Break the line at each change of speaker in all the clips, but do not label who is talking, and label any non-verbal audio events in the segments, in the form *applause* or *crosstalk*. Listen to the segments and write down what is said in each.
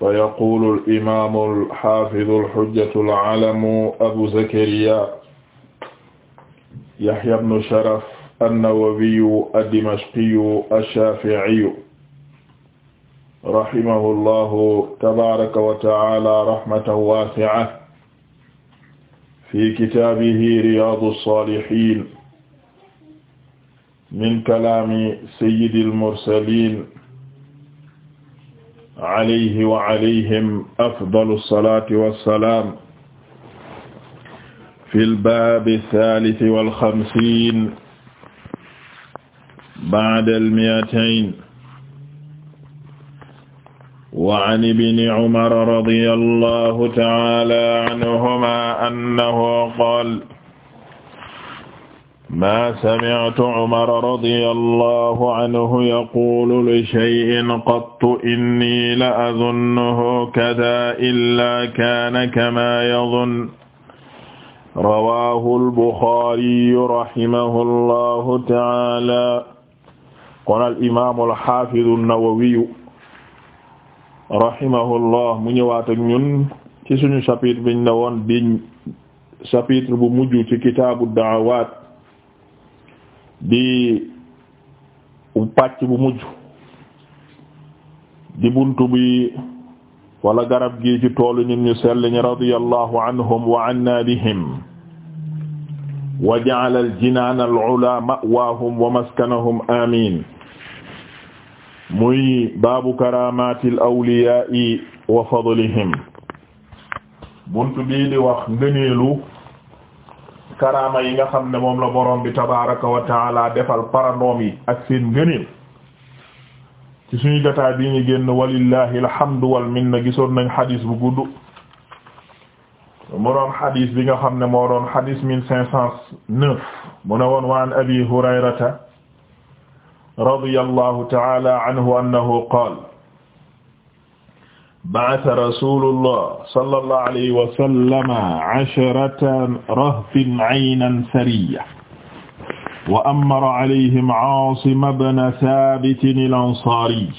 fa yaqulu alimaamu alxafidu alxujjatu alalamu abu zakariya yaxya bnu sharaf annawawiyu addimashqiyu alshafiiyu rahimahu allahu tabaraka wa taala rahmatan waasi'a fi kitaabihi riyaadu saalihiin min kalaami sayyidil mursaliin alayhi wa alayhim afdalu salaati wa salaam fil baabi saalisi wal xamsiin ba'dal mi'atayn wa an ibni Umar radiyallahu ta'aala anhumaa annahu qaala maa sami'tu Umara radiyallahu anhu yaqulu li shay'in qattu inni la azunnuhu kadhaa illaa kaana kamaa yazunnu rawaahu al-Buxaariyu rahimahullahu ta'aalaa kon al-imaamu al-xaafidu an-Nawawiyu rahimahullah mu ñëwaat ak ñun ci suñu chapitre biñ la woon di chapitre bu mujj ci kitaabu da'awaat di pàcc bu mujj di buntu bi wala garab gi ci toolu ñun ñu sell ñi radiyallahu anhum wa anna bihim wa ja'ala al-jinaan al-'ulaa ma'waahum wa maskanahum amiin muy baabu karaamaatil awliyaa'i wa fadlihim buntu bii di wax ngëneelu karaama yi nga xam ne moom la borom bi tabaraka wa taala defal parandoom yi ak seen ngëneel ci suñu jotaay bi ñu génn walillahi alhamdu wal minna gisoon nañ xadis bu gudd mu xadis bi nga xam ne moo doon xadis mille cinq cent neuf mu ne woon wa an abi hurayrata radiyallahu taala anhu annahu qaala ba'atha rasulullah sallallahu alayhi wa sallama asharata rahtin aynan sariya wa amara alayhim Aasim ibn Thaabit al-Ansaari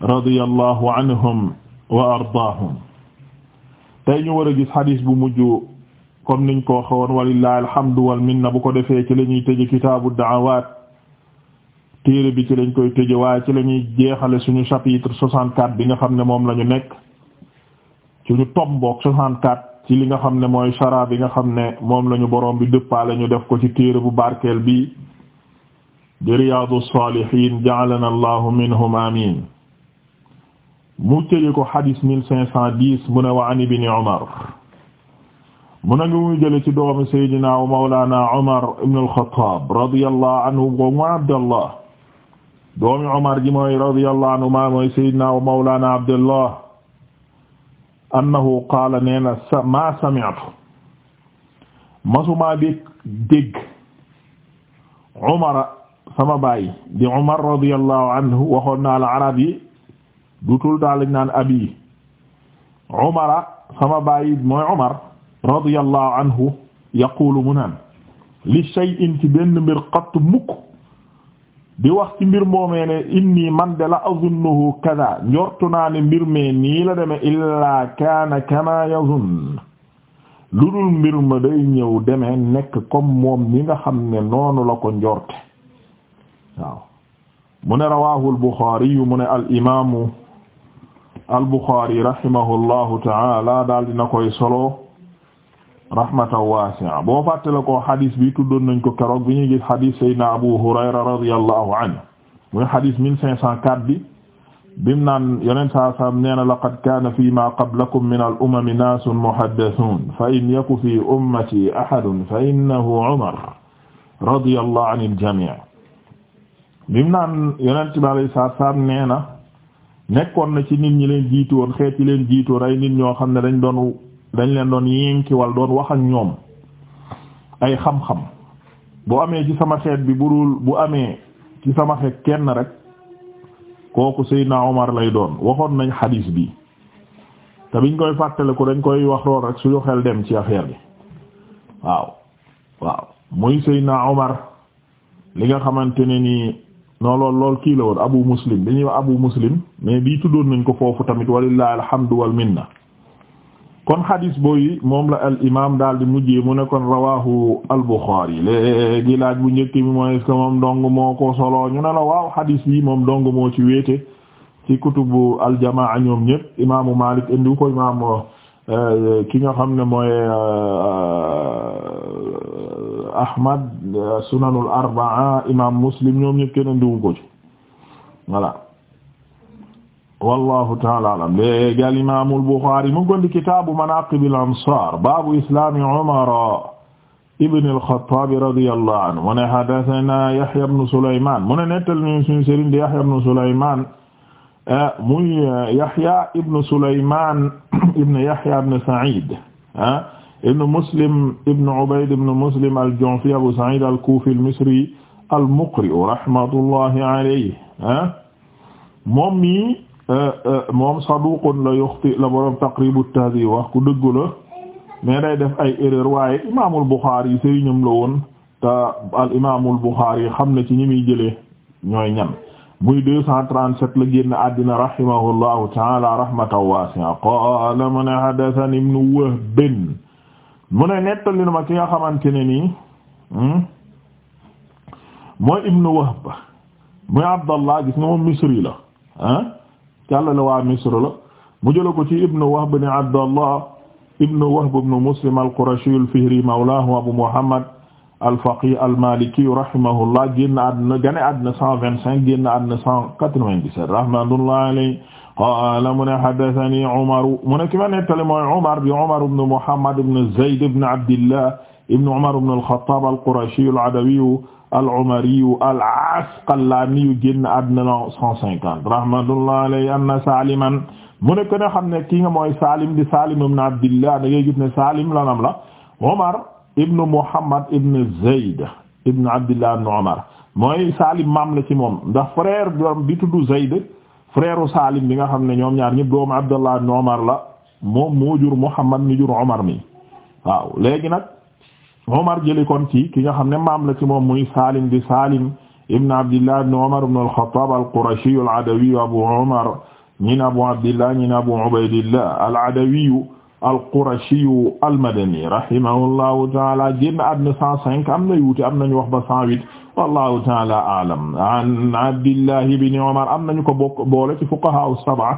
radiyallahu anhum wa ardaahum tey ñu war a gis xadis bu mujj comme niñ ko waxoon walillahi alhamdu wal minna bu ko defee ci la ñuy tëj kitaabu da'awaat téere bi ci lañ koy tëje waaye ci la ñuy jeexale suñu chapitre soixante-quatre bi nga xam ne moom la ñu nekk suñu tombook soixante-quatre ci li nga xam ne mooy chara bi nga xam ne moom lañu boroom bi dëppaale ñu def ko ci téere bu barkeel bi di Riyadou Salihine ja'alana Allahu minhum amin mu tëje ko xadis mille cinq cent dix mu ne wa an ibn Umar mu ne ngi muy jële ci doomi Seydina wa Mawlana Umar ibn al-Khattab anhu wa Abdallah doomi Umar ji mooy radiyallahu anhuma mooy sayyidina wa mawlana Abdullah annahu qaala nee na ma sami'tu masumaa dégg dégg Umar sama baay di Umar radiyallahu anhu waxoon naa la arab yi dutul daal naan abi Umar sama baay mooy Umar radiyallahu anhu yaqulu mu naan li shay'in ci benn mbir qat mukk di wax mbir moomee ne inni man de la azunnuhu kada njortu naa mbir mee nii la deme illaa kaana kama yazun lu dul mbir ma day ñëw demee nekk comme moom ni nga xam ne noonu la ko njorte waaw mu ne rawahu al-Bukhari yu mu ne al imamu al-Bukhari taala daal dina koy solo rahmatan wasi'a boo fàttale ko xadis bi tuddoon nañ ko keroog bi ñuy gis xadis sayyidina Abu Hurayra radiyallahu anhu muy xadis mille cinq cent quatre bi bim nan yonent saa saam nee na laqad kaana fii maa qablakum min al umami naasun muhaddathuun fa in yaku fii ummati ahadun fa innahu Umar radiyallahu anil jamii' bim naan yonent bi alayhi salaatu salaam nee na nekkoon na ci nit ñi leen jiitu woon xeet yi leen jiitu woon ay nit ñoo xam ne dañ doon dañ leen doon yénkiwal doon wax ak ñoom ay xam-xam bu amee ci sama xeet bi bu dul bu amee ci sama xeet kenn rek kooku Seydina Omar lay doon waxoon nañ xadiis bi te biñ koy fàttaliku dañ koy wax lool rek suñu xel dem ci affaire bi waaw waaw muy Seydina Omar li nga xamante ne nii non lool lool kii la woon Abu Muslim dañuy wax Abu Muslim mais bii tuddoon nañ ko foofu tamit walillahi alhamdu wal minna kon xadis booyi moom la al imam daal di mujj mu ne kon rawahu al Bukhari léegi laaj bu njëkk bi mooy est-ce moom dong moo ko solo ñu ne la waaw xadis bi moom dong moo ci wéete ci kutubu al jamaa ñoom ñëpp imaamu Malik indi ko imaam euh, ki nga xam ne mooy euh, Ahmad sunanul arbaa imam Muslim ñoom ñëpp kenn indiwu ko ci voilà wallahu taala alam léegi al imaamul Buxaari mu ngi gondi kitaabu manaaqibil ansaar baabu islaami Umar ibn al-Khattaab radiyallahu anhu mu ne haddasanaa Yahya ibn Sulaymaan mu ne nettal ñu suñu sëriñ di Yahya ibn Sulaymaan muy Yahya ibn Sulaymaan ibn Yahya ibn Sa'iid ibn Muslim ibn Ubayd ibn Muslim al-Ju'fi Abu Sa'iid al-Kuufi al-Misri al-Muqri rahmatullahi alayhi moom mi Euh, euh, moom saduqun la yuxti la borom taqribu tahdhib wax ku dëggu la mais day def ay erreur waaye imaamul Buxaari yi sëriñam la woon te al imaamul yi xam na ci ñi muy jëlee ñooy ñan muy deux cent la génn àddina rahimahullahu taala rahmatan wasi'a qaala mu ne haddathani ibnu Wahb mu ne nettali na ma ki nga xamante ne nii hmm? mooy ibnu Wahb muy Abdallah gis nga moom Misri la ah? càllale waa misr la mu jëla ko ci ibnu wahb ibn abdallah ibnu wahb ibn muslim al-qurashi al-fihri mawlahu abu muhammad al-faqih al-maliki rahimahullah génn àddina gane àddina cent vingt-cinq génn àddina cent quatre-vingt-dix-sept rahmatullahi alayhi qaala mu ne haddathani Umar mu ne ki ma nettali mooy Umar bi Umar ibn Muhammad ibn Zayd ibn Abdillah ibn Umar ibn al-Khattab al-Qurashi al-Adawi al-Umariyu al-Asqalaniyu génn àddina la cent cinquante rahmatullahi alayhi anna Saliman mu ne ko ne xam ne kii nga mooy saalim di Salim ibn Abdillah da ngay gis ne Salim lanam la Omar ibn Muhammad ibn Zayd ibn Abdillah ibn Omar mooy saalim mam la ci moom ndax frère bi tudd Zayd frère Salim bi nga xam ne ñoom ñaar ñëpp doomu Abdallah ibn Omar la moom moo jur Muhammad mi jur Omar mi waaw léegi Omar jëlee kon ci ki nga xam ne maam la ci moom muy Salim di Salim ibn Abdillah ibn Omar ibn al-Khattab al-Qurashi al-Adawi Abu Omar ñin Abu Abdillah ñin Abu Ubaydillah al-Adawi al-Qurashi al-Madani rahimahullahu ta'ala génn àdduna 105 am na yuute am nañu wax ba 108 wallahu ta'ala a'lam an Abdillah ibn Omar am nañu ko bokk boole ci fuqaha as-sab'a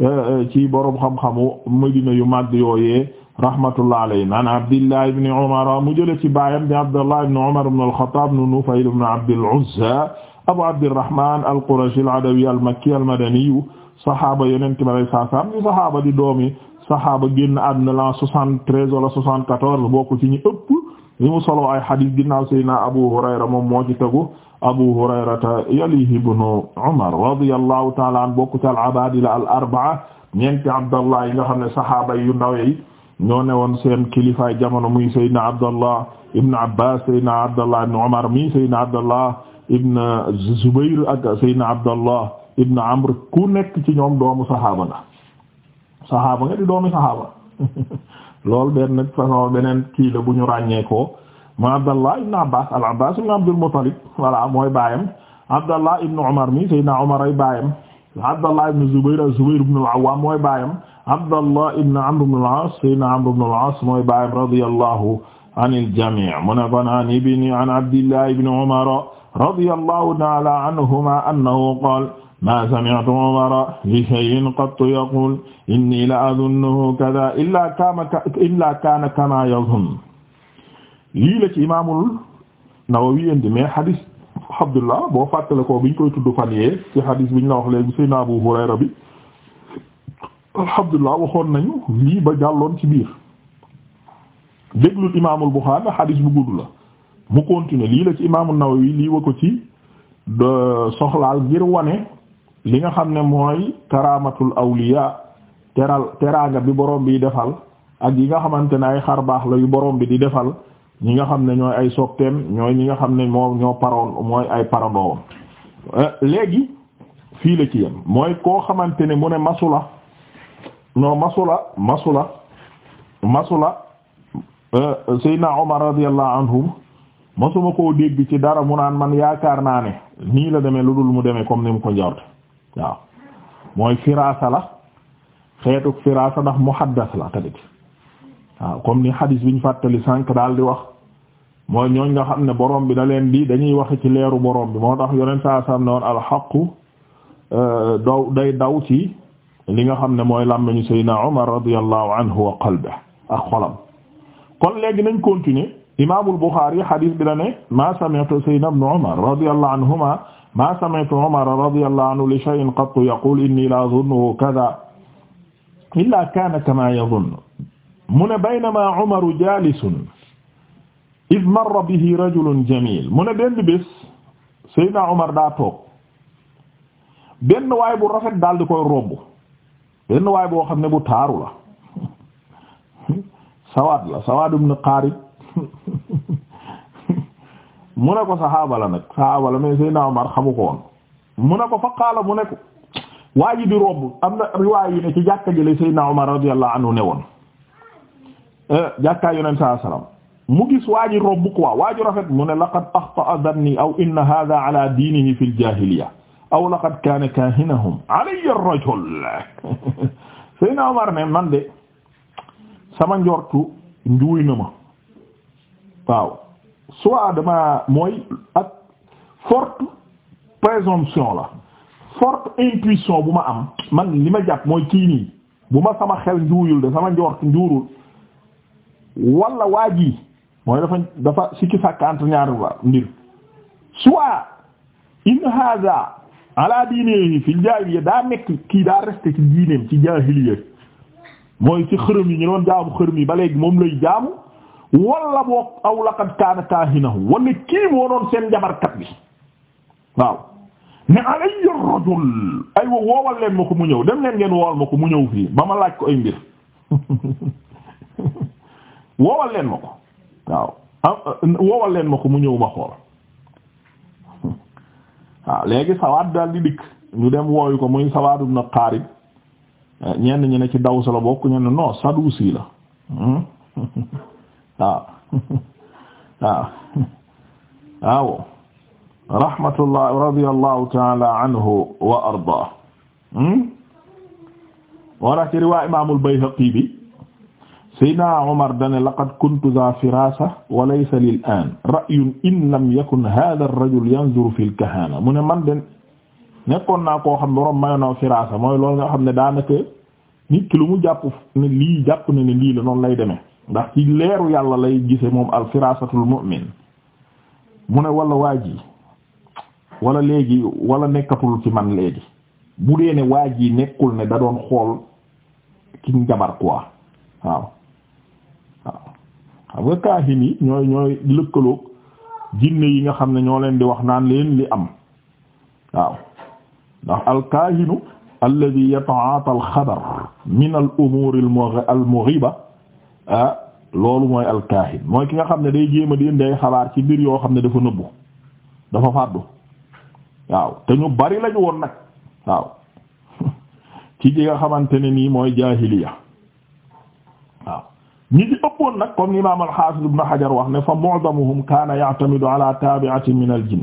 eh, eh, ci borom xam-xamu Madina yu mag yooyee rahmatullah alayhi an Abdillah ibn Umar mu jële ci baayam di Abdallah ibn Umar ibn al-Khattab ibn Nufayl ibn Abdil Uzza Abu Abdirrahman al-Qurashi al-Adawi al-Makki al-Madani saxaaba yeneen ki ma lay saasaam ni saxaaba di doomi saxaaba génn àdduna la 73 wala 74 bokk ci ñi ëpp li mu solo ay xadiis ginnaaw Seydina Abu Hurayra moom moo ci tegu Abu Hurayrata yalihi ibnu Umar radiyallahu ta'ala an bokk ci al-abaadila al-arba'a ñeenti Abdallah yi nga xam ne saxaaba yu ndaw yi ñoo newoon seen kilifaay jamono muy Seydina Abdallah ibn Abbas Seydina Abdallah ibn Umar mi Seydina Abdallah ibn Zubair ak Seydina Abdallah ibn Amr ku nekk ci ñoom doomu saxaaba la saxaaba nga di doomi saxaaba *laughs* loolu benn nag façon beneen kii la bu ñu ràññee ko mu Abdallah ibn Abbas al Abbas ibn Abdul Muttalib voilà mooy baayam Abdallah ibn Umar mi Seydina Umar ay baayam Abdallah ibn Zubair Zubair ibn al Awwam mooy baayam Abdallah ibn Amr ibn al-As sayyidina Amr ibn al-As mooy baayam radiyallahu anil jamii mu ne kon an ibni an Abdillah ibn Umar radiyallahu ta'ala anhuma annahu qaala maa sami'tu Umara li shay'in qattu yaqulu innii la azunnuhu kadhaa illaa kaana kamaa yazunnu lii la ci imaamul Nawawi indi mais hadis Abdullah boo fàttale ko biñ koy tudd fan yee ci hadis biñ la wax léegi Seydina Abu Hurayra bi alhamdulilah waxoon nañu lii ba jàlloon ci biir déglul imaamul Buxaari xadiis bu gudd la mu continuer lii la ci imaamu Nawawi lii wa ko ci soxlaal ngir wane li nga xam ne mooy karamatul awliya teral teraanga bi borom biy defal ak yi nga xamante ne ay xar baax la yu borom bi di defal ñi nga xam ne ñooy ay sopteem ñooy ñi nga xam ne moo ñoo paroon mooy ay parandoowam eh, léegi fii la ci yem mooy koo xamante ne mu ne la non masula masula masula euh, Seydina Omar radiyallahu anhu masuma koo dégg ci dara mu naan man yaakaar naa ne nii la demee lu dul mu demee comme ni mu ko njort waaw mooy firaasa la xeetu firaasa ndax muhaddas la tamit waaw comme ni xadis bi fàttali sànq daal di wax mooy ñooñ nga xam ne borom bi da leen di dañuy waxe ci leeru boroom bi moo tax yoneen saa sam ne woon alxaqu euh, daw day daw ci li nga xam ne mooy làmmiñu Seydina Umar radiyallahu anhu wa qalbihi ak xolam kon léegi nañ continuer imaamul Buxaari hadith bi la ne ma sami'tu Seydina ibn Umar radiyallahu anhuma ma sami'tu Umar radiyallahu anhu li shay'in qattu yaqul inni la azunnuhu kadha illa kana kama yazunnu mu ne baynama Umaru jalisun id marra bihi rajulun jamil mu ne benn bés Seydina Umar daa toog benn waay bu rafet daal di koy romb benn waay boo xam ne bu taaru la sawaat la sawaat ibn Qaarib mu ne ko saxaaba la nag saxaaba la mais Seydina Omar xamu ko woon mu ne ko fa qaala mu ne ko waa ji di robb am na riwaay yu ne ci jàkka jële Seydina Omar radiyallahu anhu ne woon eh, jàkkaa yonent saa salaam mu gis waa ji robb quoi waa ji rafet mu ne laqad axta'a dhanni aw inna hadha ala diinihi fil jaahiliya aw laqad kaana kaahinahum alayya ar-rajul Seydina man de sama njortu njuuy na ma waaw soit mooy ak forte présomption la fort intuition bu ma am man li ma jàpp mooy kii bu ma sama xel njuuyul de sama njortu njuurul wala waa ji mooy dafa dafa sikki sàkk ba mbir soit in hadha ala diine fil jaahiliya daa nekk kii daa resté ci diineem ci jaahiliya mooy ci xërëm yi ñu doon jaamu xërëm yi ba léegi moom lay jaamu wala boog aw laqad kaana kaahinahu wala kii moo doon seen jabarkat bi waaw ne alayya rajul aywa woowal leen ma ko mu ñëw dem leen ngeen woowal ma ko mu ñëw fii ba ma laaj ko ay mbir *laughs* woowal leen ma ko waaw ah, ah, woowal leen ma ko mu ñëw ma xool waaw léegi sawaat daal di dikk ñu dem wooyu ko muy sawaat ibn Qarib ñenn ñi ne ci daw sa la bokk ñenn non sadusi la hmm? *laughs* waaw *laughs* waaw waaw rahmatullah radiyallahu ta'ala anhu wa arda wala hmm? ci riwaa imaamul Bayhaqi bi Seydina Omar dane laqad kuntu za firasa wa laysa lil an in lam yakun hadha ar-rajul yanzuru fil kahana mu ne man den nekkoon na koo xam ne borom mayonaw firasa mooy loolu nga xam ne daanaka nit lu mu jàpp ne lii jàpp ne ne lii la noonu lay demee ndax ci leeru yàlla lay gise moom al firasatul mu'min walla ne wala waa ji léegi wala nekkatul ci man léegi bu dee ne waa ji nekkul ne da doon xool ki jabar quoi waaw xam nga kaahin yi ñooy ñooy lëkkaloo jinne yi nga xam ne ñoo leen di wax naan leen li am waaw ndax alkaahinu alladi yataata alxabar min al umuur al mughiba loolu mooy alkaahin mooy ki nga xam ne day jéem a di indi ay xabaar ci biir yoo xam ne dafa nëbbu dafa fàddu waaw te ñu bari lañu woon nag waaw *laughs* ci ji nga xamante ne nii mooy jaahiliya waaw kon nag comme l'imam al-Hafiz ibn Hajar wax ne fa mu'damuhum kaana ya'tamidu ala tabi'atin min al-jinn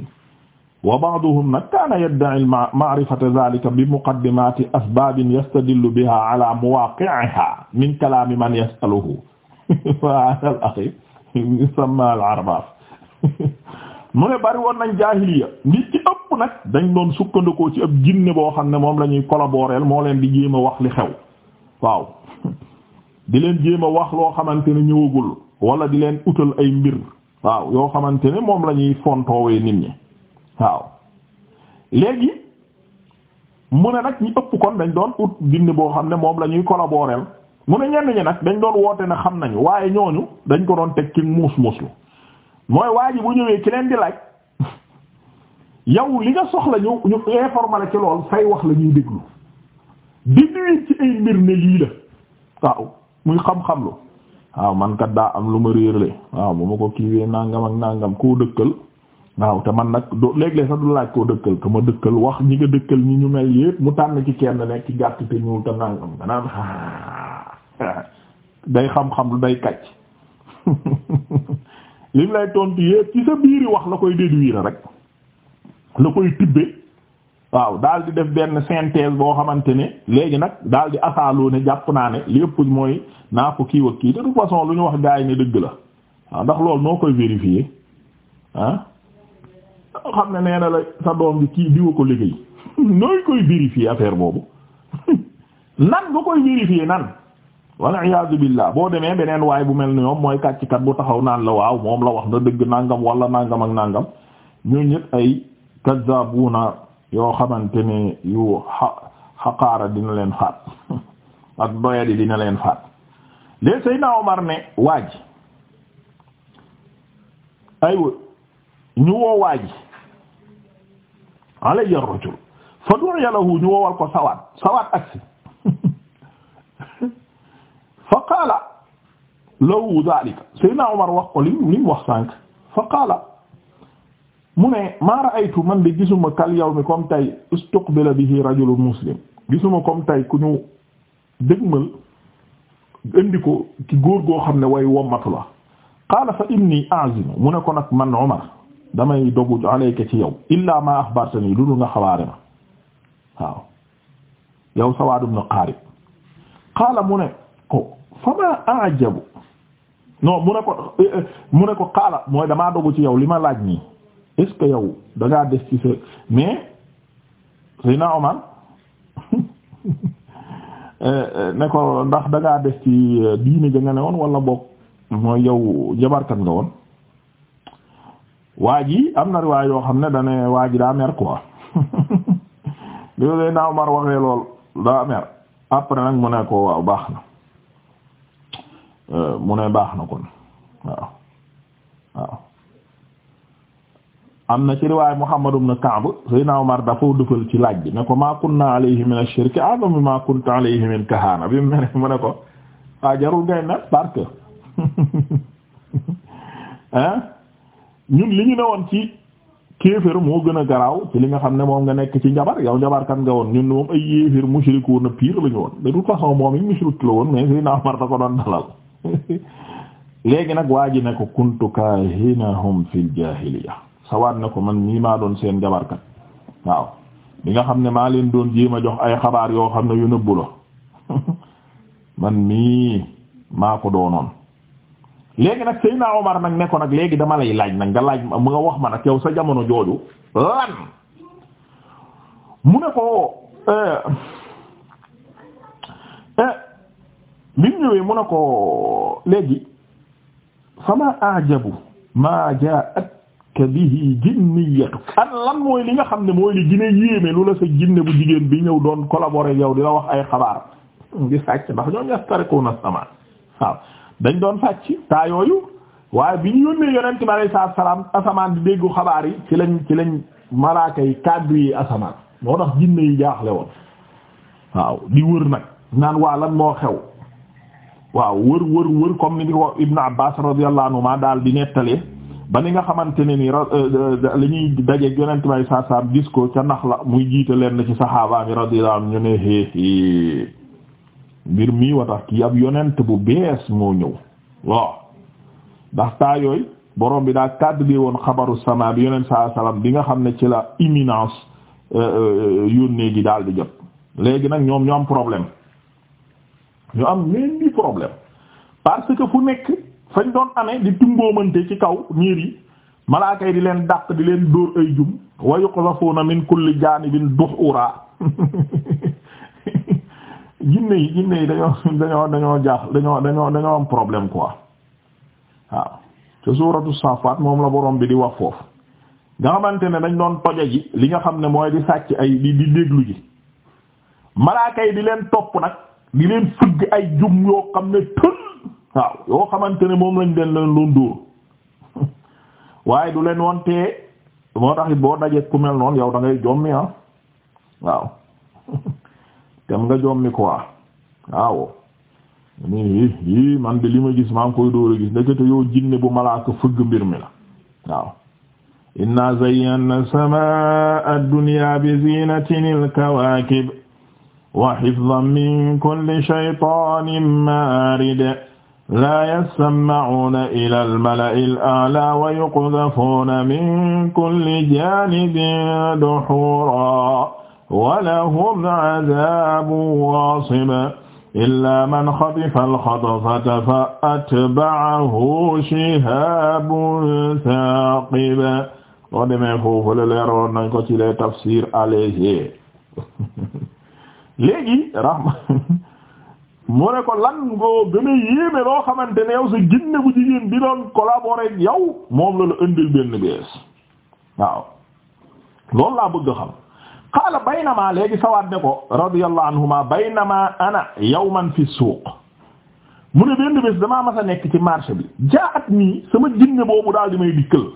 wa ba'duhum nag kaana yadda'i ma'rifata dhalika bi muqaddimati asbabin yastadillu biha ala muwaqi'iha min kalami man yas'aluhu *laughs* wa al akhi yusamma al-arraf *laughs* mu ne bari woon nañ jaahiliya nit ci ëpp nag dañ doon sukkandikoo ci ab jinne boo xam ne moom la ñuy collaborer moo leen di jéem a wax li xew waaw di leen jéem a wax loo xamante ne ñëwagul wala di leen utal ay mbir waaw yoo xamante ne moom lañuy ñuy fontoowee nit ñi waaw léegi mu ne nag ñi ëpp kon dañ doon ut jinne boo xam ne moom la ñuy collaboreel mu ne ñenn ñi nag dañ doon woote ne xam nañu waaye ñooñu dañ ko doon teg ci muus muuslu mooy waa ji bu ñëwee ci leen di laaj *laughs* yow li nga soxla ñu ñu informé ci lool say wax la ñuy déglu di nuyu ci ay mbir ne lii la waaw. muy xam-xam lu waaw man kat daa am lu ma réerle waaw bu ma ko kiiwee nangam ak nangam koo dëkkal waaw te man nag doo léeg-léeg sax du laaj koo dëkkal ka ma dëkkal wax ñi nga dëkkal ñi ñu mel yépp mu tànn ci kenn nekk ci gàtt te ñuul te nangam nga naan *laughs* day xam-xam lu day kàcc *laughs* lim lay tontu yépp ci sa biiri wax la koy déduire rek la koy tibbe waaw daal di def benn synthèse boo xamante ne léegi nag daal di asaaloo ne jàpp naa ne lépp mooy naa ko kii wa kii de toute façon lu ñu wax gaa yi ne dëgg la waaw ndax loolu noo koy vérifier ah na la sa doom bi kii diwa *laughs* boobu *laughs* nan nga koy vérifier nan walla iyaazu billaah boo demee beneen waay bu mel ni moom mooy kàccikat bu taxaw naan la waaw moom la wax na dëgg nangam walla nangam ak nangam ñoo ñëpp ay kazzabuna yoo xamante ne yu xaqaara dina leen faat *laughs* ak doyadi dina leen faat léegi Seydina Omar ne waaj aywa ñu woo waaj alayhi ar-rajul fa du'iya lahu ñu woowal ko sawaat sawaat aksi *laughs* fa qaala lahu dhalika Seydina Omar wax ko lim lim wax sànq qaala mu ne maa ra'aytu man de gisuma kal mi comme tey istuqbila bihi rajulun muslim gisuma comme tey ku ñu dëgmal indi ko ki góor goo xam ne way wommatu la qaala fa inni a'zimu mu ne ko nag man Umar damay dogu ci yow illaa ma axbartani lu waaw yow Sawaad ibn Qaarib qaala mu ne ko fa ma a'jabu non mu ne ko eh, eh, mu ne qaala mooy damaa dogu ci yow li ma laaj nii est-ce que yow da ngaa des ci sa mais Seydina Omar *laughs* eh, eh, ne ko ndax da ngaa des ci eh, diini ja nga ne woon wala boog mooy yow jabarkat nga woon waa ji am na riwaay yoo xam ne da ne waa ji daa mer quoi li *laughs* mu ne ko baax na mu ne baax na kon waaw. am na ci riwaay Muhammad ibn Ka'b Seydina Omar dafa dëfal ci laaj bi ne ko maa kunna alayhi min shirki a'zamu ah, mimmaa kunta alayhi min bi mu mu ne ko ah jarul ngay ne parce que *laughs* ñun li ñu ne woon ci kéefër moo gën a garaaw ci li nga xam ne moom nga nekk ci njabar yow njabar nga woon ñun moom ay yéefër mushrikuuna pire la ñu woon de toute façon moom it mushrik la woon mais Seydina Omar da ko doon dalal *laughs* léegi nag waa ne ko kuntu sawaat ne ko man mii maa doon seen jabarkat waaw li nga xam ne maa leen doon jéem a jox ay xabaar yoo xam ne yu nëbbu la *laughs* man mii maa ko doonoon léegi nag Seydina Omar nag ne ko nag léegi dama lay laaj nag nga laaj mu nga wax ma nag yow sa jamono jooju lan mu ne ko eh, eh, bi mu léegi fama ajabu ma jaat ka bihi jinniyatu kan lan mooy li nga xam ne mooy li gën yéeme lu la sa jinne bu jigéen bi ñëw doon collaborer yow di la wax ay xabaar di sàcc ndax ñoom yastarikuuna sama waaw dañ doon sàcc taa yooyu waaye bi ñu yónnee yonent bi alayhi salaatu salaam asamaan di déggu xabaar yi ci lañ ci lañ malaaka yi kàddu yi asamaan moo tax jinne yi jaaxle woon waaw di wër nag naan waa lan moo xew waaw wër wër wër comme ni di ko Ibn Abbas radiyallahu anhu ba ni nga xamante ne ni euh, li ñuy dajeeg yonent may saasaam gis ko ca nax la muy jiite leen ci saxaaba mi radiyallahu anhu ñu ne xéexée mbir mii watax kii ab yonent bu bees moo ñëw waaw ndax taa yooyu borom bi daa kàdd bi woon xabaru sama bi yonent saa salaam bi nga xam ne ci la imminence euh, euh, yónnee gi daal di jot léegi nag ñoom ñu am problème ñu am leen di problème parce que fu nekk fañ doon amee di tumboomante ci kaw niir yi malaakay di leen dàq di leen dóor ay jum wa yuqzafuuna min kulli jaanibin duhura *laughs* jinne yi jinne yi dañoo dañoo dañoo jaax dañoo dañoo dañoo am problème quoi waaw te suuratu saafaat moom la boroom bi di wax foofu nga xamante ne dañ doon toja ji li nga xam ne mooy di sàcc ay di déglu ji malaaka yi di leen topp nag di leen fëgg ay jum yoo xam ne tël waaw yoo xamante ne moom lañ den leen doon dóor *laughs* waaye du leen woon tee moo tax it boo dajee ku mel noonu yow ah, *laughs* nga jommi quoi waaw nii i man de li ma gis maa ngi koy dóor a gis ndekete yow jinne bu malaaka fëgg mbir mi inna zayyana samaa ad bi zinatin al wa hifzan min kulli shaytanin marid laa yasma'uuna ilaa al-mala'il a'laa wa yuqdhafuuna min kulli jaanibin duhuuraa wa lahum 'adhaabun waasib illaa man khatifa al-khatfata fa atba'ahu shihaabun saaqib. Boo demee foofu la leeroon nañ ko ci les tafsirs allégés *laughs* léegi rahma. *laughs* mu ne ko lan ngoo gën a yéeme loo xamante ne yow sa jinne bu jigéen bi doon collaborer ak yow moom la la indil benn bees waaw loolu laa bëgg xam qaala baynama léegi sawaat ne ko radiyallahu anhuma baynama ana yawman fi suuq mu ne benn bés damaa mas nekk ci marché bi jaat nii sama jinne boobu daal di may dikkal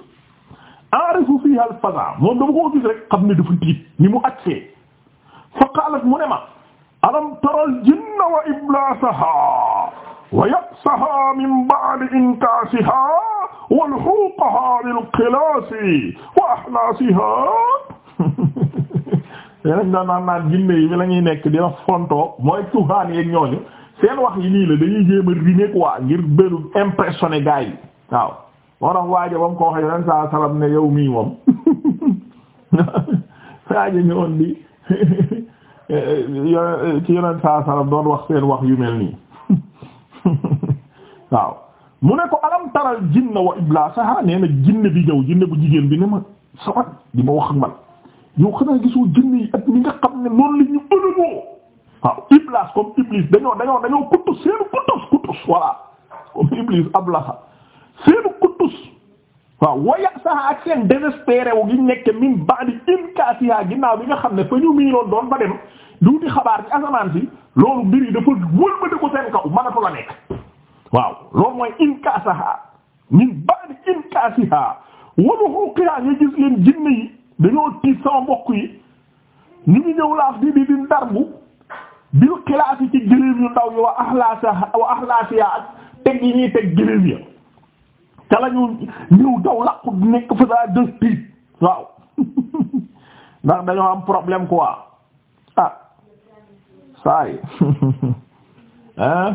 arifu fiha al faza moom dama koo gis rek xam ne dafa tiit ni mu agsee fa qaalat mu ne ma alam tara jinna wa iblasaha wa ya'saha min ba'di inkaasiha wa luhuqaha bil wa ahlaasiha *laughs* yeneen daan naan naan jinne yi bi la ñuy nekk dina fontoo mooy tuhaan yeeg ñooñu seen wax yi nii la dañuy jéem a rimeek waa ngir bëru impressionné gars yi moo tax waajo ba ko waxee yeneen saa salam ne yow mii moom *laughs* waajo ñëwoon bi *laughs* Eh, eh, eh, ci yeneen saa salam doon wax seen wax yu mel nii *laughs* waaw mu ne ko alam taral jinna wa iblasaha nee na jinne bi ñëw jinne bu jigéen bi ne ma sawat di ma wax ak man yow xanaa gisoo jinne yi ak ñi nga xam ne noonu la ñu ëllëgoo waaw iblas comme iblis dañoo dañoo dañoo kuttus seenu kuttus kuttus voilà comme iblis ablasa seenu kuttus waaw waya saha ak seen désespéré wu gi nekk min ba'di inkaasiha ginnaaw bi nga xam ne fa ñu miinoon doon ba dem duuti xabaar ci asamaan si loolu mbir yi dafa wëlbati ko seen kaw mënatu la nekk waaw loolu mooy inkaasaha min ba'di inkaasiha waluxu xiraa nga gis leen jinne yi dañoo tiit sama mbokk yi ñu ngi ñëw laaf di di di ndarbu bil xilaasi ci gëléem yu ndaw yi wa axlaasa wa axlaasiya ak teg yi ñuy teg gëléem ya ca la ñu ñëw daw làqu nekk fa daa dës waaw *laughs* ndax dañoo am problème quoi ah saa yi *laughs* hein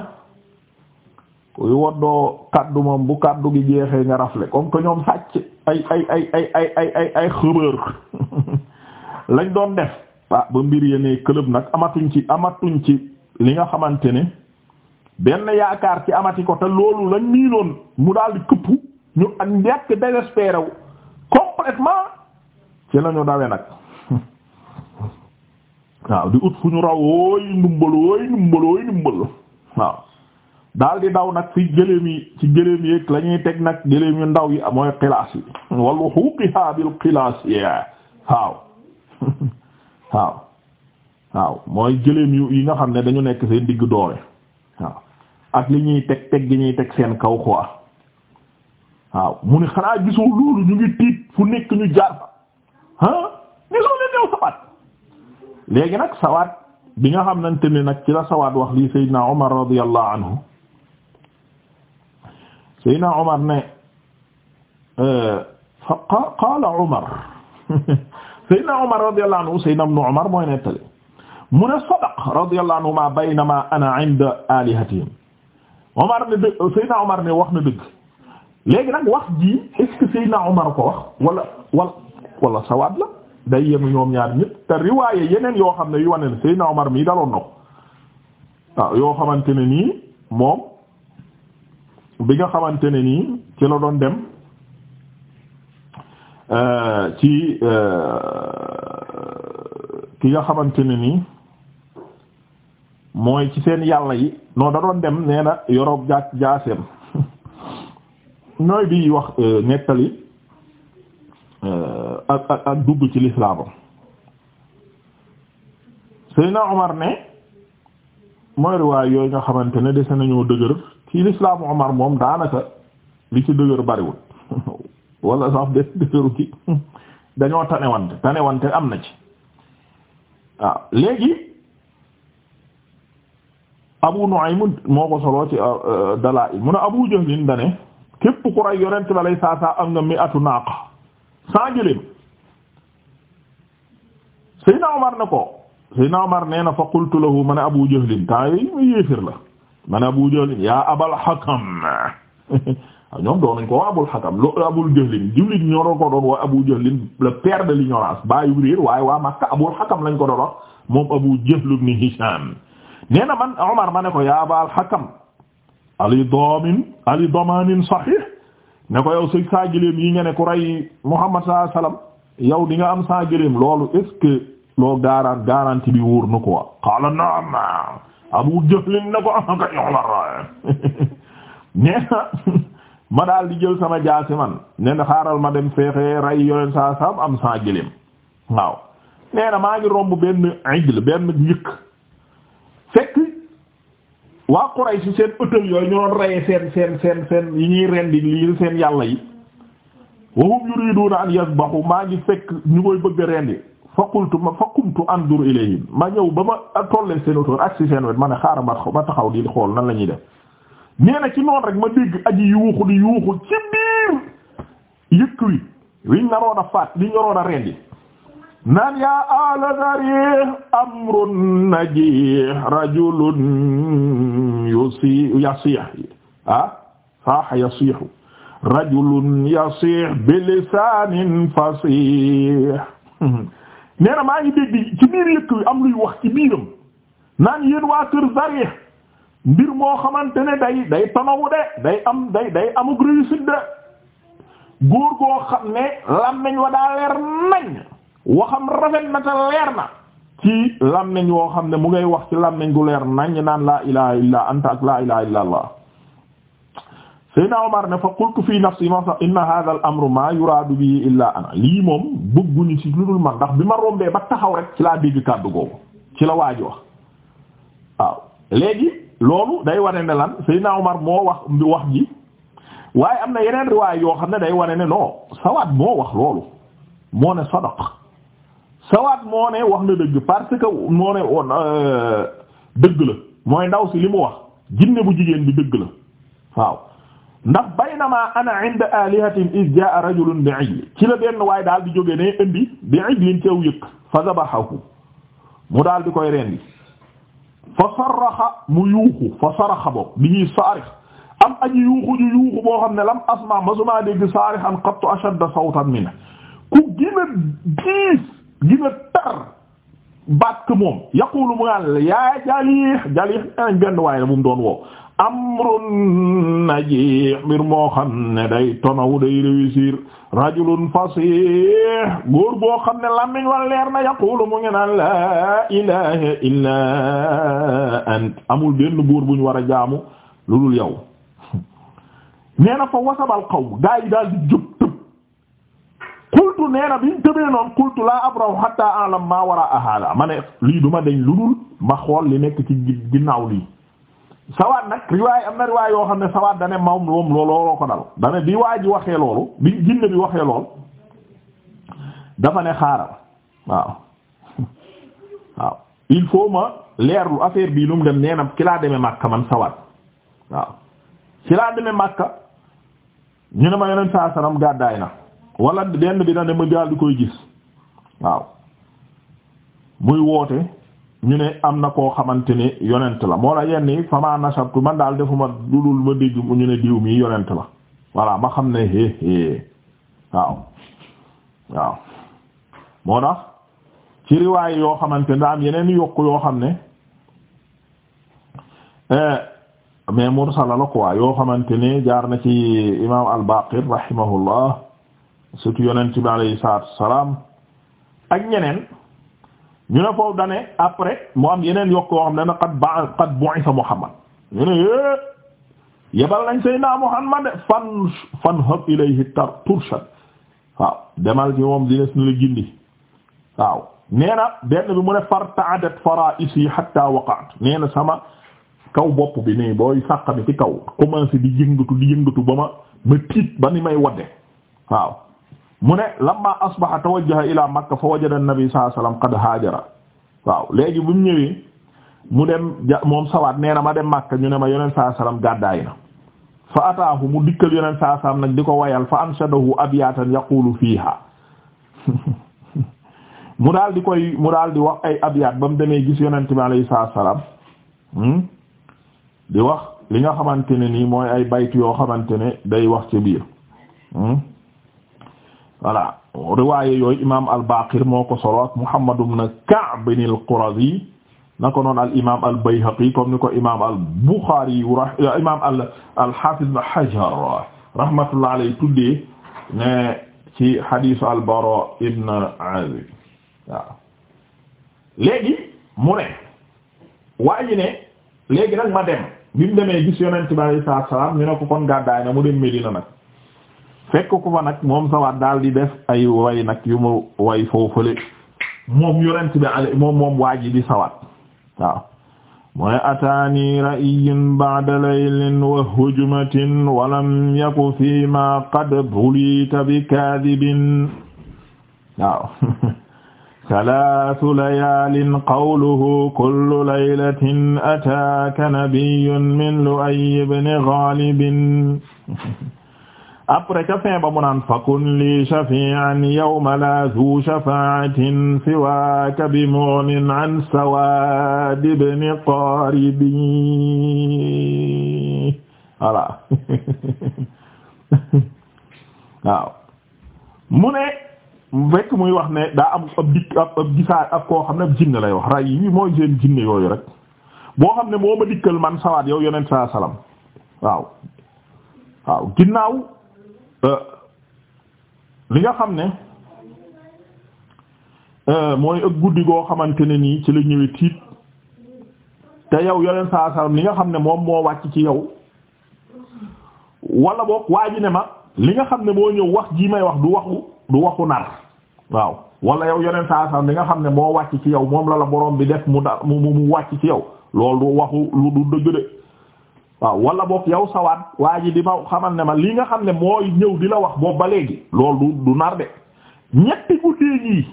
kuy woddoo kaddu moom bu kàddu gi jeexee nga rafle comme que ñoom sàcc ay ay ay ay ay ay ay xëbër *laughs* lañ doon def ah ba mbir yéenee club nag amatuñ ci amatuñ ci li nga xamante ne benn yaakaar ci amati ko te loolu lañ nii mu daal di këpp ñu ak njëkk désespéré ci lañu dawe nag *laughs* waaw di ut fu ñu raw ooy ndumbal ooy ndumbal ooy ndumbal waaw daal daw nag fi gëléem yi ci gëléem yéeg la ñuy teg nag gëléem yu ndaw yi mooy xilaas yi *laughs* wallu xuuqiha bil xilaas yi waaw *laughs* waaw waaw mooy gëléem yu yi nga xam ne dañu nekk seen digg doole waaw ak li ñuy teg teg gi ñuy teg seen kaw quoi waaw mu ne xanaa gisoo loolu ñu ngi tiit fu nekk ñu jaar fa ah gisoo leen yow sawaat léegi nag sawaat bi nga xamante ne nag ci la sawaat wax lii Seydina Omar radiyallahu anhu Seydina Omar ne euh, fa qaala Omar *laughs* Seydina Omar anhu Seydina ibn mooy nettali mu ne sadaq radiyallahu anhu ma baynama ana inda Omar ne dë Seydina Omar ne wax na dëgg léegi nag wax ji est-ce que Seydina Omar ko wax wala wala wala sawaat la day yemu ñoom ñaar ñëpp te riwaaye yeneen yoo xam ne yu wane ne Seydina Omar mii daloon na ko waaw ah, yoo xamante ne nii moom bi nga xamante ne nii ci la doon dem euh, ci euh, ki nga xamante ne nii. mooy ci seen yàlla yi noo da dem nee na Europe jaak jaaseem ñooy *laughs* bi wax euh, nettali euh, ak ak ak ci lislaamam Seydina Omar ne mooy riwaay yooyu nga xamante ne dese nañoo dëgër ci lislaamu Omar moom daanaka li ci dëgër bariwul *laughs* wala sax des dëgëru ci *laughs* dañoo tanewante tanewante am na ci waaw léegi Abu Nu'aym moo ko soloo ci euh, euh, Dalaa'il mun ne Abu Jahl da ne képp ku rey yonent ba lay am nga mi atu naaqa saa jëleem Seydina Omar ne ko Seydina Omar nee na fa qultu lahu ma ne Abu Jahl temps yooyu muy yéefir la ma ne Abu Jahl yaa Abal Hakam *laughs* ah, ñoom doon nañ ko jullit ñoo ko doon waa Abu Jahl le père de l'ignorance bàyyi réer waaye waa Makka Abul Hakam lañ ko doon wax moom Abu Jahl ibn nee na man Omar ma ne ko yaa Abal Hakam ali doomin ali domaanin sahih ne ko yow si saa gëléem yi nga ne ku rey Muhammad sallallahu alayhi wasallam yow di nga am saa gëléem loolu est-ce que loo garant garantie bi wóor na quoi qala naam Abu Jahl na ko am nga Omar *laughs* nee na *laughs* ma daal di jël sama jaasi man nee na xaaral ma dem feexe rey yoneen saa sam am saa gëléem waaw nee na maa ngi romb benn aigle benn njëkk waa Quraysh seen ëttal yooyu ñu doon reye seen seen seen seen yi ñuy rendi lii seen yàlla yi wahum yuriduna an yasbahu maa ngi fekk ñu koy bëgg a rendi fa ma fa qumtu andur ilayhim ma ñëw ba ma tollee seen autour ak si seen wet ma ne xaaral ma taxaw di xool nan la ñuy def nee na ci noonu rek ma dégg aji yuuxu di yuuxu ci biir yëkk wi wiñ naroon a faat liñ naroon a rendi naan yaa ala zarih amrun najih rajulun yusi yasih ah saaha yasihu rajulun yasih bilisanin fasih nee na maa ngi dégg ci biir bi am luy wax ci biiram naan yéen waa kër zarih mbir moo xamante ne day day tanawu de day am day day amuk réussite xam ne lam nañ wa daa leer nañ waxam rafet na te leer na ci làmmiñ woo xam ne mu ngay wax ci làmmiñ gu leer nañ naan laa ilaha illa anta ak laa ilaha illa allah Seydina Omar ne fa qultu fi nafsi ma fa inna hadha al ma yuraadu bihi illa ana lii moom bëgguñu ci lu dul man ndax bi ma rombee ba taxaw rek ci laa dégg kàddu kooku ci la waaji wax waaw léegi loolu day wane ne lan Seydina Omar moo wax wax ji waaye am na yeneen riwaay yoo xam ne day wane ne non sawaat moo wax loolu moo ne sadaq sawaat moo ne wax na dëgg parce que moo ne woon euh, dëgg la mooy ndaw si li mu wax jinne bu jigéen bi dëgg la waaw ndax baynama ana inda alihatin iz jaa rajulun bi ijl ci la benn waaye daal di jóge ne indi bi ijlin ci aw yëkk fa zabahahu mu daal di koy rendi fa saraxa mu yuuxu fa saraxa boog bi ñuy saarix am aji yuuxu ju yuuxu boo xam ne lam asma masuma dégg saarixan qattu ashadda sawtan min ku gën a diis gina tar baat que moom yaqulu mu ngaan yaa jalix jalix an eh, benn waaye ne bu mu doon woo amrun najih mbir moo xam ne day tonaw day réussir rajulun fasih góor boo xam ne làmmiñ wal na yaqulu mu ngi naan laa ilaha illa ant amul benn góor buñ war a jaamu lu dul yow *laughs* nee fa wasabal xaw gaa yi daal jub kultu nee na biñ tëbee noonu kultu laa abrahu hatta alam maa wara ahaada ma ne lii duma deñ lu dul ma xool li nekk ci ginnaaw lii sawaat nag riwaay am na riwaay yoo xam ne sawaat dane moom loom looloo ko dal dane bi waa ji waxee loolu bi jinne bi waxee lool dafa ne xaaral waaw *laughs* waaw il faut ma leerlu affaire bii lu mu dem nee na ci laa man sawaat waaw ci laa demee ñu ne ma yeneen saa salaam gàddaay na wala benn dina ne ma daal di koy gis waaw muy woote ñu ne am na koo xamante ni yonent la moo la yenni fama nasabtu man daal defuma dulul ma dégg ñu ne diw mi yonent la voilà ma xam ne hé waaw waaw moo tax ci riwaay yoo xamante ne am yeneen yokk yoo xam ne eh, mais mursala la quoi yoo xamante ne jaar na ci imaam al-Baqir surtout yonent bi alayhi salaam ak ñeneen ñu ne foofu dane après mu am yeneen yokk yoo xam ne na qad ba qad bu'itha Muhammad ñu ne eh, yebal nañ Seydina Muhammad fan fanhab ilayhi turshad waaw demal ci moom dines na la gindi waaw nee benn bi mu ne farta'adat fara'isi hatta waqa'at nee sama kaw bopp bi nii booy sàq mi ci kaw commencé di yëngatu di yëngatu ba ma ma tiit ba ni may wadde waaw mu ne lamma asbaha tawajjaha ila makka fa wajada an-nabi sallallahu alayhi wasallam waaw léegi bu mu ñëwee mu dem moom sawaat nee na ma dem makka ñu ne ma yonent sallallahu alayhi wasallam gàddaay na fa ataahu mu dikkal yonent sallallahu alayhi nag di ko wayal fa anshadahu abyatan yaqulu fiha *laughs* mu daal di koy mu daal di wax ay abyaat ba mu demee gis yonent bi alayhi sallallahu alayhi wasallam hmm? di wax li nga xamante ne nii mooy ay baytu yoo xamante ne day wax ci biir hmm? voilà riwaaye yooyu imaam al-Baqir moo ko solo ak Muhammad ibn Ka'b al-Qurazi na ko noon al imaam al-Bayhaqi comme ni ko imaam al-Bukhari imaam al hafiz ibn Hajar rahmatullah alayhi tuddee ne ci hadiisu al-Bara ibn Azib waaw mu ne waa ji nag ma dem bi mu demee gis Yonent bi alayhi salaam ñu ne ko kon gàddaay na mu dem Medina nag. fekk ku fa nag moom sawaat daal di def ay way nag yu mu way foofale moom yonent bi ale moom moom waa ji di sawaat waaw mooy ataani ra'iyin ba'da laylin wa hujmatin wa lam yaku fi ma qad bulita bi kadibin waaw *laughs* salaasu layaalin qawluhu kullu laylatin ataaka nabiyyun min lu'ayy ibn ghalib *laughs* après ca fin ba mu naan fakun li shafi'an yawma la zu shafa'atin siwaaka bi mughnin an sawaad ibn qaribi voilà *laughs* waaw mu ne fekk muy wax ne daa am ab dikk ab ab gisaa ab koo xam ab jinne lay wax ray yi mooy seen jinne yooyu rek boo xam ne moo ma dikkal man sawaat yow yonent saa salaam waaw waaw ginnaaw Euh, li nga xam ne euh, mooy ak guddi goo xamante ne nii ci la ñëwee tiit te yow yoleen saa salam li nga xam ne moom moo wàcc ci yow wala boog waa ji ne ma li nga xam ne moo ñëw wax jii may wax du waxu du waxu nar waaw wala yow yeneen saa salam li nga xam ne moo wàcc ci yow moom la la borom bi def mu da mu mu wàcc ci yow loolu du waxu lu du dëgg de waaw wala boog yow sawaat waa ji di ma xamal ne ma li nga xam ne mooy ñëw di la wax boobu ba léegi loolu du du ñetti guddee ñii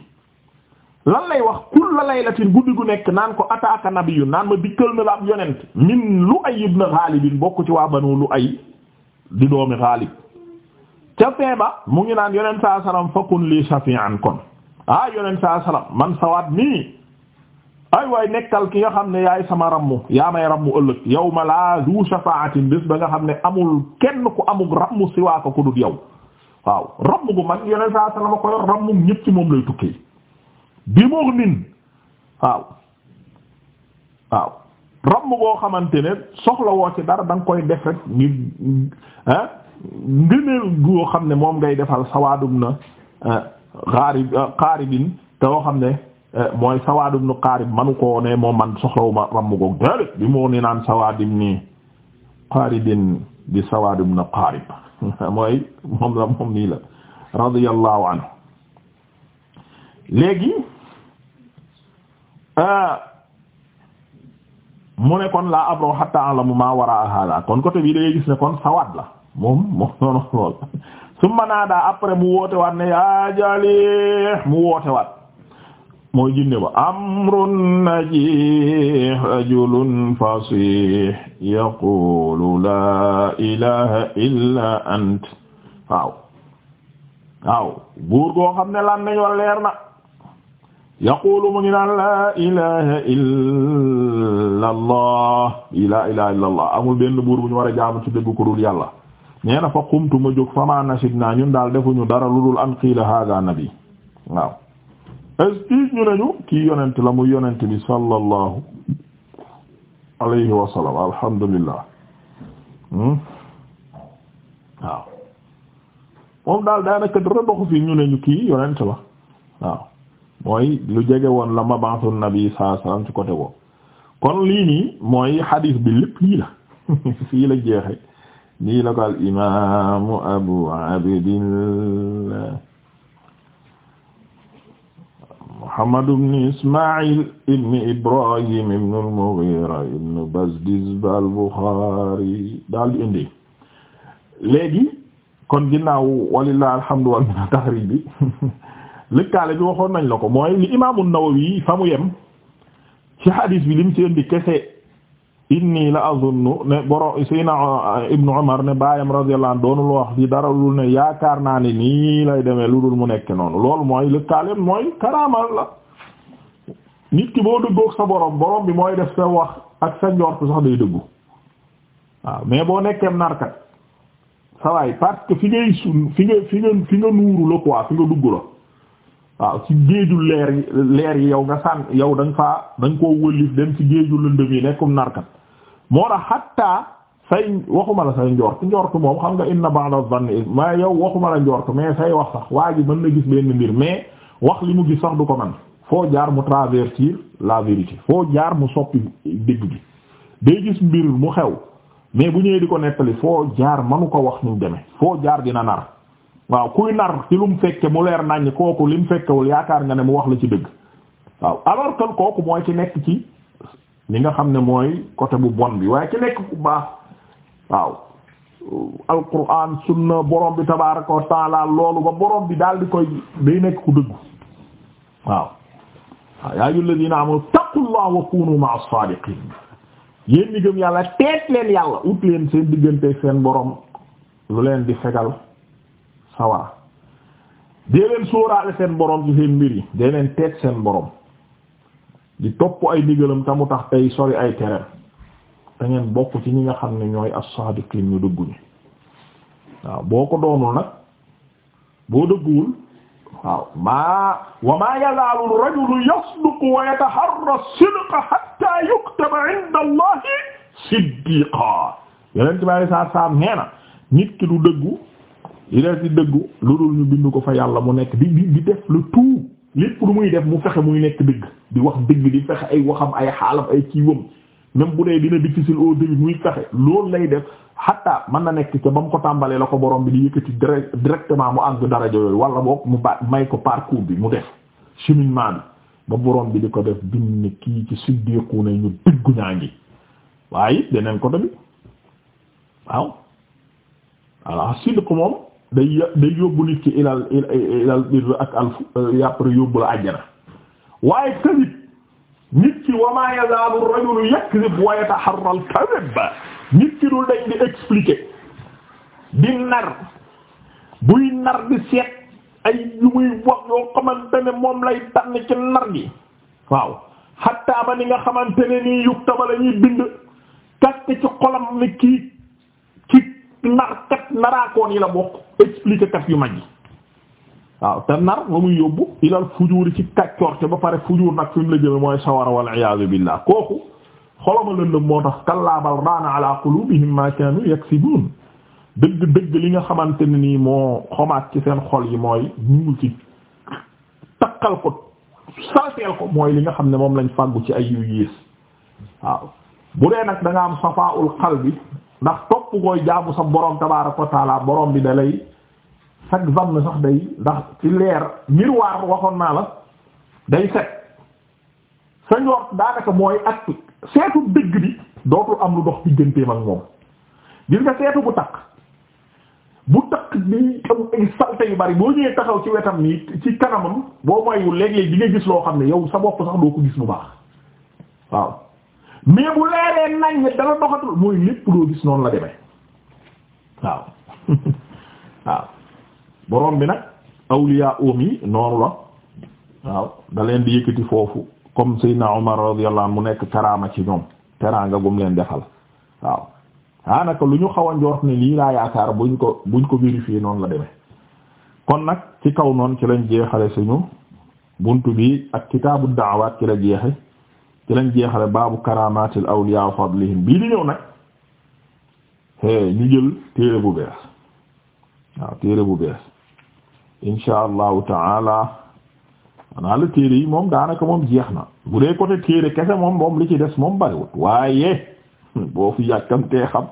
lan lay wax kulla laylatin guddi gu nekk naan ko ataaka nabiyu naan ma dikkal na la ab yonent min Lu'ay ibn Ghalib bokk ci waa banu ay di doomi Ghalib ca feeba mu ngi naan yonent saa salaam fakun li shafi'an kon ah yonent saa salaam man sawaat nii ay waay nekkal ki nga xam ne yaay sama ram yaa may rammu ëllëg yow ma laa du shafaatin bés ba nga xam ne amul kenn ku amul rammu si waa ko ku dul yow waaw rammu gu mag yoneen saa salama ko yor rammu ñëpp ci moom lay tukkee bi moo nin waaw waaw rammu goo xamante ne soxla woo ci dara da koy def rek ngir ah ngëneel goo xam ne moom ngay defal sawaadum na ah, xaari xaaribin ah, te woo xam ne Eh, mooy Sawaad ibn Qaarib manu koo ne moom man soxlawuma rammu goog bi mu ni naan Sawaad ibn Qaaribin di Sawaad *laughs* la moom nii la radiyallahu eh, kon laa abro hatta alamu ma gis ne kon Sawaad la moom moom noonu lool summa naadaa après mu woote waat ne yaa Jaliih mu woote waat mooy jinne ba amrun najih rajulun fasih yaqulu la ilaha illa ant waaw buur goo xam ne lan nañ war leer na yaqulu mu ngi naan la ilaha illa allah amul benn buur bu ñu war a jaamu ci dëgg ko dul yàlla nee na fa qumtu ma jóg fama nasib naa ñun daal defuñu dara lu dul an qiila hada nabi est-ce ñu nañu kii yonent la muy yonent bi sallallahu alayhi wa sallam alhamdulillah hmm? waaw moom daal daanaka dara doxu fi ñu ne ñu kii yonent la waaw mooy lu jege woon la mabantu nabi a alayhi wa sallam ci côté boobu kon lii mooy hadith bi lépp lii la *laughs* fii la jeexe al imaamu abu abdillah Muhammad ibn Isma'il ibn Ibrahim ibn al ibn Bazdizb al-Bukhari daal di indi léegi kon ginnaaw walillahi alhamdu wal minna tahrij bi *laughs* lëkkaale bi waxoon nañ la ko mooy li imaamu Nawawi fa mu yem ci hadis bi lim ci indi kese. inni la azunnu ne boro sayna uh, ibnu umar ne baayam radiyallahu anhu doonul wax di dara lu ne yaakaar naa ne nii lay demee lu dul mu nekke noonu loolu mooy lëkkaaleem mooy karaama la nit ki boo dëggoog sa borom borom bi mooy def sa wax ak sa njort sax day dëggu mais boo nekkeem narkat sa waay parce que fi nga nuuru la quoi fi nga dugg la waaw ci géeju leer yi leer yi yow nga sànn yow da nga faa da nga koo wëlif dem ci géeju lëndëm yi nekkum narkat moo tax xattaa say waxuma la say njort njort moom xam nga inna ba'da dhanni waaye yow waxuma la njort mais say wax sax waa ji mën na gis benn mbir mais wax li mu gis sax du ko man foo jaar mu traverser la vérité foo jaar mu soppi dégg bi day gis mbir mu xew mais bu ñëwee di ko nekkali foo jaar manu ko wax ñu demee foo jaar dina nar waaw kuy nar ci lu mu fekke mu leer naññ kooku li mu fekkewul yaakaar nga ne mu wax la ci dëgg waaw alors que kooku mooy ci nekk ci li nga xam ne mooy côté bu bon bi waaye ci nekk ku baax waaw alquran sunna borom bi tabaaraka wa taala loolu ba borom bi daal di koy day nekk ku dëgg waaw waaw yaa ayyuhal ladina amanu taqullaha wa kunu ma'as saadiqin yéen ñi gëm yàlla teet leen yàlla ut leen seen digganteeg seen borom lu leen di fegal sawaa dee leen sóoraale seen borom ci seen mbir yi dee leen teet seen boroom di topp ay ndigalam te mu tax tey sori ay tereem te ngeen bokk ci ñi nga xam ne ñooy as-saadiqiin ñu dëggu ñi waaw boo ko doonul nag boo dëgguwul waaw maa wa maa yazaalu rajulu yasduqu wa yataharra sidqa hatta yuktaba inda allahi siddiqa yeneen ci bari saa saam nee nit ki du dëggu li leen di dëggu lu dul ñu bind ko fa yàlla mu nekk di di def le tout lépp lu muy def mu fexe muy nekk dëgg di wax dëgg di fexe ay waxam ay xaalam ay kiiwam même bu dee dina difficile au début muy fexe loolu lay def xatta mën na nekk ca ba mu ko tàmbalee la ko boroom bi di yëkkati directement mu àgg daraja yooyu wala boog mu ba may ko parcours bi mu def cheminement bi ba boroom bi di ko def bind kii ci siddiqu na ñu dëggu ñaa ngi waaye deneen ko tamit day day yóbbu nit ki ilal ilal birr ak alfu euh, yàppare yóbbu la àjjana waaye kadib nit ki wa ma yazaalu rajulu yakzib wa yataharra al kadhib nit ki dul dañ di expliquer di nar buy nar di seet ay yu muy wax yoo xamante ne moom lay tànn ci nar gi waaw xatta ba ni nga xamante ne nii yuktaba la ñuy bind katte ci xolam ni kii nar kat naraakoon yi la bokk yu mag yi waaw te nar ba muy yóbbu ilal fujuur ci kàccoor te ba pare fujuur nag fi la jëme mooy sawara wal iyaadu billah kooku xoloma lëndëm moo tax kallaa bal raana ala qulubihim ma kaanu yaksibuun dëgg dëgg li nga xamante ne nii moo xomaat ci seen xol yi mooy ñu ci takkal ko ko mooy li nga xam ne moom lañ fàggu ci ay yu yées waaw bu dee nag da ndax topp koy jaamu sa borom tabaaraka wa taala borom bi da lay sag zàmm sax day ndax ci leer miroir waxoon naa la day set sa njort daanaka mooy ak seetu moom gis nga seetu bu takk bu takk bi salte yu bari boo ñëwee taxaw ci wetam nii ci kanamam boo moyul léeg-léeg gis loo xam ne yow sa bopp sax doo ko gis bu baax waaw mais bu leeree nañ dara doxatul mooy lépp loo gis noonu la demee waaw *laughs* waaw borom bi nag awliya oom yi noonu la waaw da di yëkkati foofu comme Seydina Omar radiyallahu anhu mu nekk karaama ci ñoom teraanga gum leen defal waaw daanaka ah, lu ñu xaw a ne lii laa yaakaar buñ ko buñ ko vérifier noonu la demee kon nag ci kaw noonu ci lañ jeexale suñu buntu bi ak kitaabu da'awaat ci la jeexe ci lañ jeexale baabu karamatil awliya wa fadlihim bii ñëw nag é ñu jël téere bu bees waaw bu bees insha allahu taala anaa la téere yi moom daanaka moom jeex na bu dee côté téere kese moom moom li ci des moom bariwut waaye *laughs* boo fi yàkkamtee xam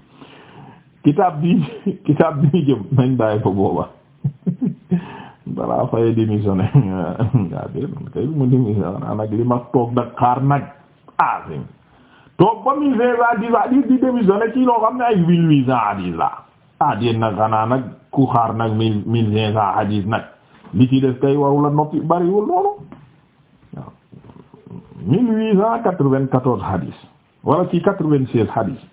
*laughs* kitaab bi kitaab bi ñu jëm nañ booba *laughs* balaa fay démissionné *laughs* li ma toog nag xaar ah, nag toog ba mille cinq cent di démissionné ci loo xam ne ay mille huit cent la ah déet nag xanaa nag ku xaar nag mille mille cinq nag li ci des kay waru noppi bariwul loolu waaw mille quatre-vingt-quatorze hadis wala ci quatre-vingt-seize hadis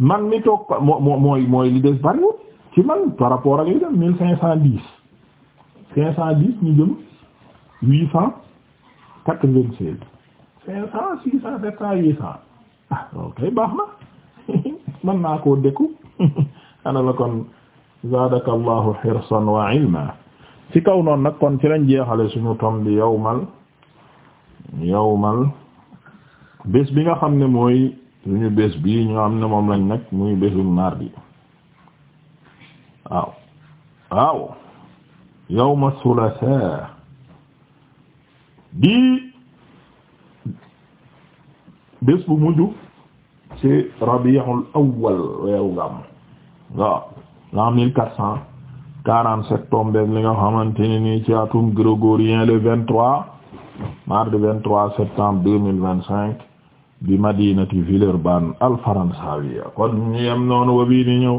man mi toog mooy mooy li des bariwul ci man par rapport ak li dem mille cinq cent dix cinq cent dix ñu jëm huit cent quatre-vingt-seize cinq cent six cent sept huit cent ah baax na *laughs* mën naa koo dékku *laughs* ana la kon zaadaka allahu xirsan wa ilma ci kaw noonu nag kon ci lañ jeexale suñu tom bi yowmal yowmal bés bi nga xam ne mooy suñu am ne moom lañ nag muy bésu mardi waaw yawma thulatha di bés bu mujj ci rabiul awwal weeru gàmm waaw l'an mille quatre cent quarante-sept tombe li nga xamante ci atum grégorien le vingt-trois mardi vingt septembre deux mille vingt-cinq bi madinati Villeurbanne al faransawiya kon ñu yem noonu wa bi ni ñëw